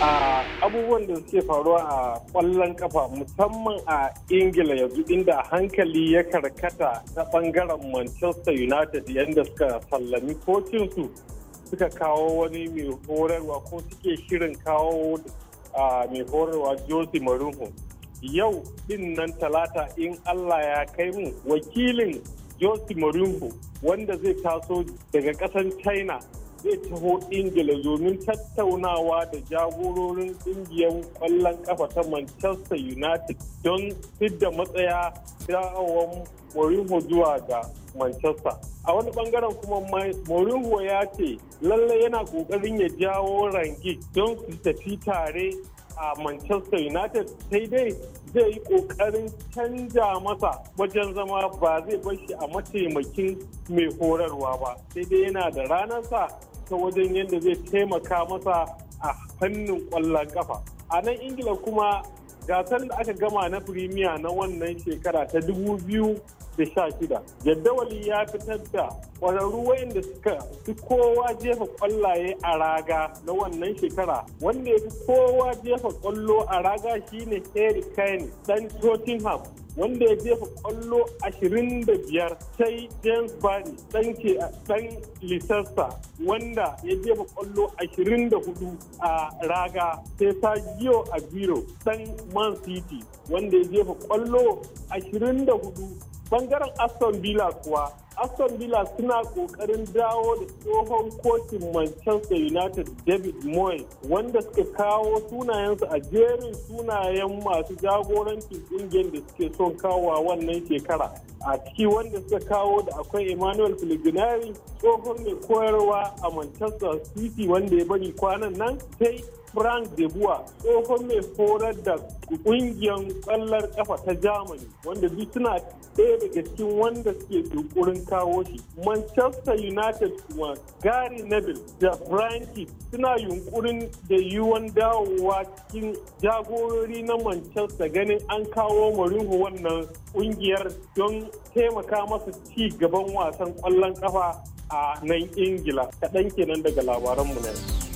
a abubuwan da suke faruwa a kwallon kafa musamman a ingila yanzu inda hankali ya karkata ta bangaren manchester united yadda suka sallami su suka kawo wani mai horarwa ko suke shirin kawo mai horarwa jose maruhu yau din nan talata in allah ya kai mu wakilin jose maruhu wanda zai taso daga kasan china zai taho ingila domin tattaunawa da jagororin ƙungiyar ƙwallon ƙafa ta manchester united don fidda matsaya dawowar mourinho zuwa ga manchester a wani bangaren kuma mourinho ya ce lallai yana ƙoƙarin ya jawo rangi don su tafi tare a Manchester United sai dai zai yi ƙoƙarin canja masa wajen zama ba zai bar shi a mataimakin mai horarwa ba sai dai yana da ranar sa. ta wajen yadda zai taimaka masa a fannin kwallon kafa a nan ingila kuma gasar da aka gama na firimiya na wannan shekara ta dubu biyu da sha shida jaddawali ya fitar da ƙwararru wayanda suka fi kowa jefa kwallaye a raga na wannan shekara wanda ya fi kowa jefa kwallo a raga shine harry kane dan tottenham wanda ya jefa kwallo 25 sai james bari dan ke dan lisasta wanda ya jefa kwallo 24 a raga sai sajiyo biro dan man city wanda ya jefa kwallo 24 bangaren aston villa kuwa aston villa suna kokarin dawo da tsohon kocin manchester united david moyes wanda suka kawo sunayensu a jerin sunayen masu jagorancin kungiyar da suke son kawo wannan shekara a ciki wanda suka kawo da akwai emmanuel filibinari tsohon mai koyarwa a manchester city wanda ya bari kwanan nan sai Frank de Boer tsohon mai horar da kungiyar kwallon kafa ta Germany wanda duk suna ɗaya daga cikin wanda suke yunkurin kawo shi manchester united kuma gary neville da brian suna yunkurin da yiwuwan dawowa cikin jagorori na manchester ganin an kawo Mourinho wannan kungiyar don taimaka masa ci gaban wasan kwallon kafa a nan ingila kaɗan kenan daga labaranmu na yanzu.